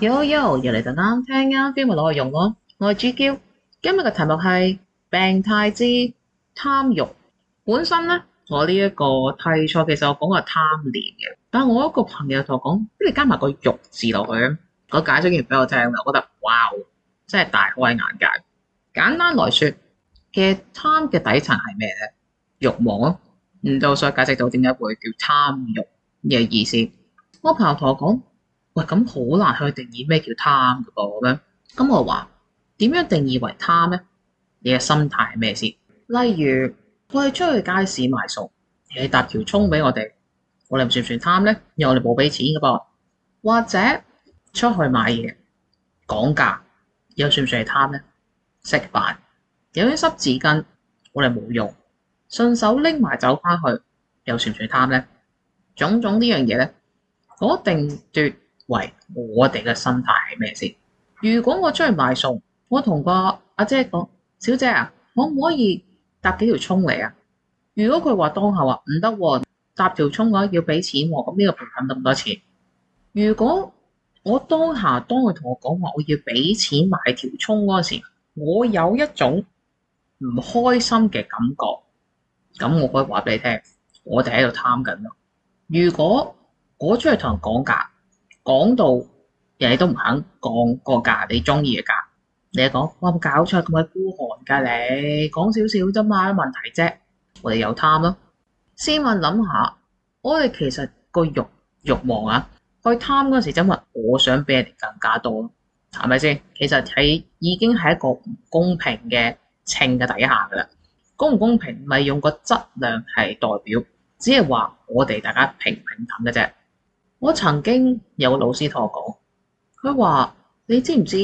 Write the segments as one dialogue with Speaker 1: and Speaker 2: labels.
Speaker 1: Yo yo，又嚟就啱聽啊！今日攞去用囉，我係朱嬌，今日嘅題目係病態之貪欲。本身咧，我呢一個題材，其實我講過貪念嘅，但係我一個朋友同我講，跟住加埋個欲字落去，佢解釋完俾我聽，我覺得哇，真係大開眼界。簡單來說嘅貪嘅底層係咩咧？欲望咯，唔之後再解釋到點解會叫貪欲嘅意思。我朋友同我講。喂，咁好難去定義咩叫貪噶噃咁樣。咁、嗯、我話點樣定義為貪咧？你嘅心態係咩先？例如我哋出去街市買餸，你搭條蔥俾我哋，我哋算唔算貪咧？又我哋冇俾錢噶噃。或者出去買嘢講價，又算唔算係貪咧？食飯有啲濕紙巾，我哋冇用，順手拎埋走翻去，又算唔算貪咧？種種呢樣嘢咧，我定奪。喂，我哋嘅心態係咩先？如果我出去買餸，我同個阿姐講，小姐啊，可唔可以搭幾條蔥嚟啊？如果佢話當下話唔得，搭條蔥嘅話要俾錢、啊，咁呢個產品咁多錢？如果我當下當佢同我講話，我要俾錢買條蔥嗰陣時，我有一種唔開心嘅感覺。咁我可以話俾你聽，我哋喺度貪緊咯。如果我出去同人講價。講到人哋都唔肯降個價，你中意嘅價，你就講，我有冇搞錯咁鬼孤寒㗎你，講少少啫嘛，問題啫，我哋有貪咯。先問諗下，我哋其實個慾慾望啊，去貪嗰時，真係我想俾人哋更加多，係咪先？其實喺已經係一個唔公平嘅稱嘅底下噶啦，公唔公平唔係用個質量係代表，只係話我哋大家平平等嘅啫。我曾經有個老師同我講，佢話你知唔知？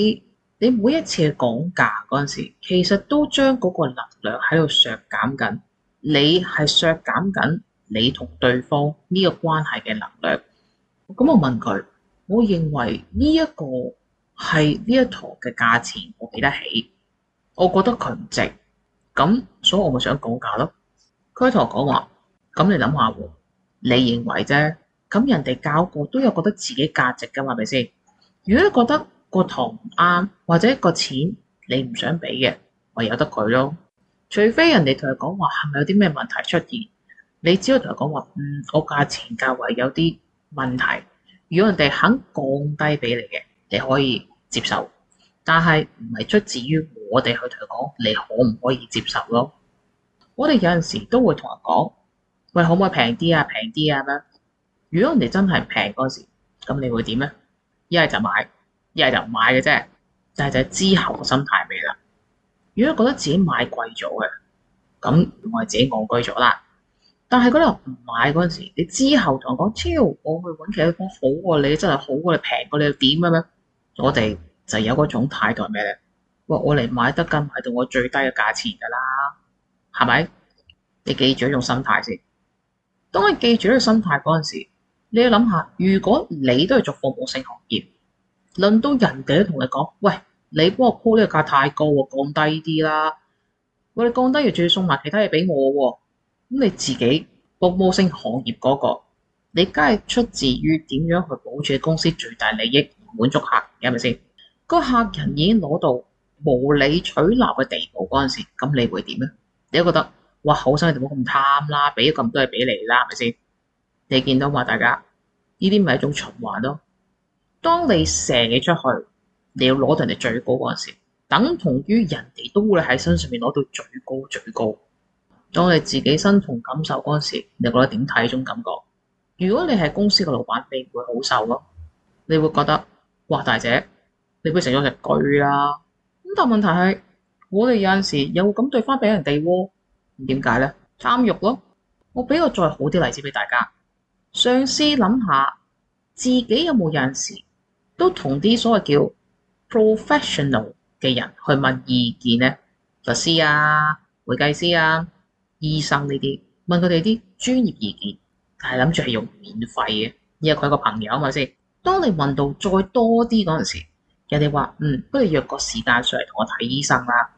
Speaker 1: 你每一次去講價嗰陣時，其實都將嗰個能量喺度削減緊。你係削減緊你同對方呢個關係嘅能量。咁我問佢，我認為呢一個係呢一堂嘅價錢，我俾得起。我覺得佢唔值，咁所以我咪想講價咯。佢同我講話，咁你諗下，你認為啫。咁人哋教過都有覺得自己價值㗎嘛，係咪先？如果你覺得個堂唔啱，或者個錢你唔想俾嘅，咪由有得佢咯。除非人哋同佢講話，係咪有啲咩問題出現？你只要同佢講話，嗯，個價錢較為有啲問題。如果人哋肯降低俾你嘅，你可以接受，但係唔係出自於我哋去同佢講，你可唔可以接受咯？我哋有陣時都會同人講，喂，可唔可以平啲啊？平啲啊！咁樣。如果人哋真係平嗰時，咁你會點咧？一係就買，一係就唔買嘅啫。但係就係就係之後嘅心態未啦。如果覺得自己買貴咗嘅，咁我係自己戇居咗啦。但係嗰度唔買嗰陣時，你之後同我講超，我去搵，其他講好過你，真係好過你，平過你點嘅咩？我哋就有嗰種態度係咩咧？哇！我嚟買得嘅，買到我最低嘅價錢噶啦，係咪？你記住一種心態先。當你記住呢個心態嗰陣時。你要諗下，如果你都係做服務性行業，輪到人哋都同你講，喂，你幫我鋪呢個價太高喎，降低啲啦。喂，你降低要仲要送埋其他嘢俾我喎。咁你自己服務性行業嗰個，你梗係出自於點樣去保住公司最大利益、滿足客人？係咪先？個客人已經攞到無理取鬧嘅地步嗰陣時，咁你會點咧？你都覺得哇，好心就唔好咁貪啦，俾咗咁多嘢俾你啦，係咪先？你見到嘛，大家？呢啲咪一種循環咯。當你射你出去，你要攞到人哋最高嗰陣時，等同於人哋都會喺身上面攞到最高最高。當你自己身同感受嗰陣時，你覺得點睇呢種感覺？如果你係公司嘅老闆，你唔會好受咯。你會覺得哇，大姐，你會成咗隻巨啦。咁但係問題係，我哋有陣時又會咁對翻俾人哋、啊、喎。點解呢？貪欲咯。我俾個再好啲例子俾大家。上司諗下。自己有冇有陣時都同啲所謂叫 professional 嘅人去問意見咧，律師啊、會計師啊、醫生呢啲，問佢哋啲專業意見，但係諗住係用免費嘅，因為佢係個朋友啊嘛先。當你問到再多啲嗰陣時，人哋話：嗯，不如約個時間上嚟同我睇醫生啦。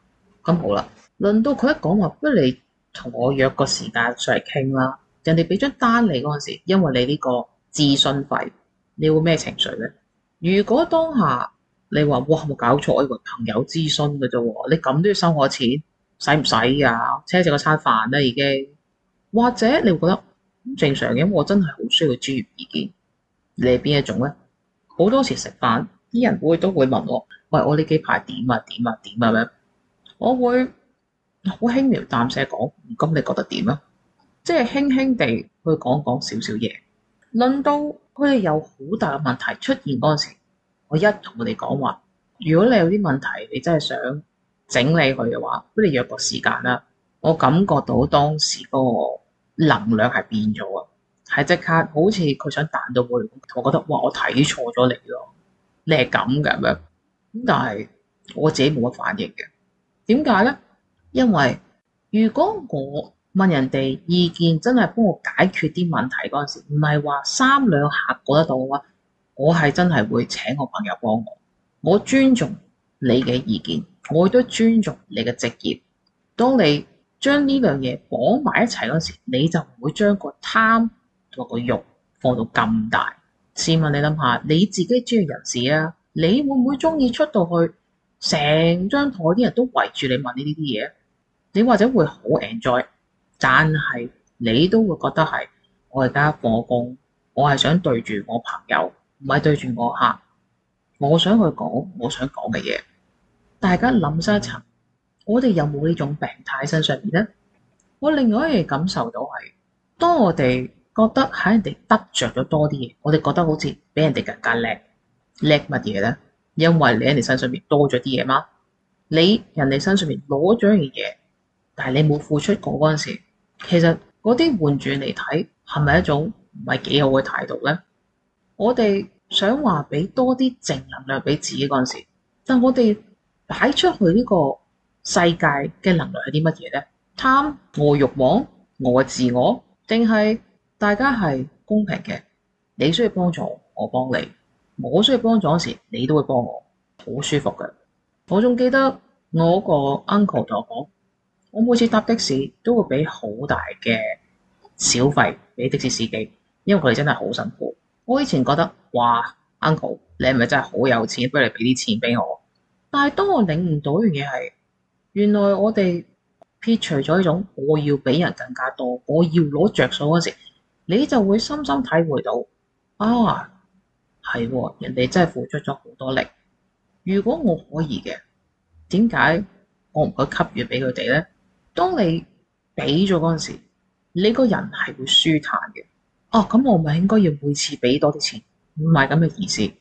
Speaker 1: 咁好啦，輪到佢一講話，不如你同我約個時間上嚟傾啦。人哋俾張單嚟嗰陣時，因為你呢個諮詢費。你會咩情緒咧？如果當下你話，哇，冇搞錯，我以為朋友諮詢嘅啫，你咁都要收我錢，使唔使啊？車，食個餐飯啦，已經。或者你會覺得正常嘅，我真係好需要專業意見。你係邊一種咧？好多時食飯啲人會都會問我，喂，我呢幾排點啊點啊點啊咁，我會好輕描淡寫講，咁你覺得點啊？即係輕輕地去講講少少嘢。論到佢哋有好大嘅問題出現嗰陣時，我一同佢哋講話：如果你有啲問題，你真係想整理佢嘅話，不如約個時間啦。我感覺到當時嗰個能量係變咗啊，係即刻好似佢想彈到我哋，我覺得哇！我睇錯咗你咯，你係咁嘅咁樣。咁但係我自己冇乜反應嘅，點解咧？因為如果我問人哋意見真係幫我解決啲問題嗰陣時，唔係話三兩下過得到嘅話，我係真係會請個朋友幫我。我尊重你嘅意見，我都尊重你嘅職業。當你將呢兩嘢綁埋一齊嗰陣時，你就唔會將個貪同個慾放到咁大。試問你諗下，你自己專業人士啊，你會唔會中意出到去成張台啲人都圍住你問你呢啲嘢？你或者會好 enjoy。但係你都會覺得係我而家講工，我係想對住我朋友，唔係對住我客。我想去講我想講嘅嘢。大家諗深一層，我哋有冇呢種病態喺身上邊咧？我另外一樣感受到係，當我哋覺得喺人哋得着咗多啲嘢，我哋覺得好似比人哋更加叻叻乜嘢咧？因為你喺你身上面多咗啲嘢嗎？你人哋身上面攞咗樣嘢，但係你冇付出過嗰陣時。其實嗰啲換轉嚟睇係咪一種唔係幾好嘅態度咧？我哋想話俾多啲正能量俾自己嗰陣時，但我哋擺出去呢個世界嘅能量係啲乜嘢咧？貪我欲望，我自我，定係大家係公平嘅？你需要幫助，我幫你；我需要幫助嗰時，你都會幫我，好舒服嘅。我仲記得我個 uncle 同我講。我每次搭的士都會俾好大嘅小費俾的士司機，因為佢哋真係好辛苦。我以前覺得，哇，Uncle，你係咪真係好有錢？不如你俾啲錢俾我。但係當我領悟到一樣嘢係，原來我哋撇除咗呢種我要俾人更加多，我要攞着數嗰時，你就會深深體會到啊，係、哦，人哋真係付出咗好多力。如果我可以嘅，點解我唔去給予俾佢哋咧？當你俾咗嗰陣時，你個人係會舒坦嘅。哦、啊，咁我咪應該要每次俾多啲錢？唔係咁嘅意思，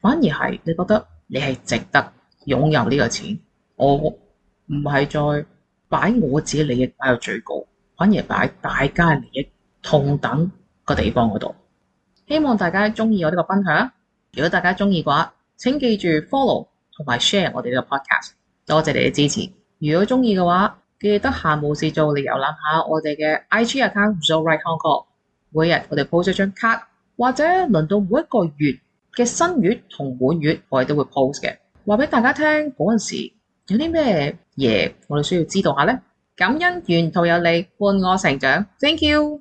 Speaker 1: 反而係你覺得你係值得擁有呢個錢。我唔係再擺我自己利益擺到最高，反而擺大家利益同等嘅地方嗰度。希望大家中意我呢個分享。如果大家中意嘅話，請記住 follow 同埋 share 我哋呢個 podcast。多謝你嘅支持。如果中意嘅話，記得下冇事做嚟遊覽下我哋嘅 IG account，Zorite Hong Kong。每日我哋 post 咗張卡，或者輪到每一個月嘅新月同滿月，我哋都會 post 嘅。話俾大家聽嗰陣時有啲咩嘢，我哋需要知道下咧。感恩沿途有你伴我成長，Thank you。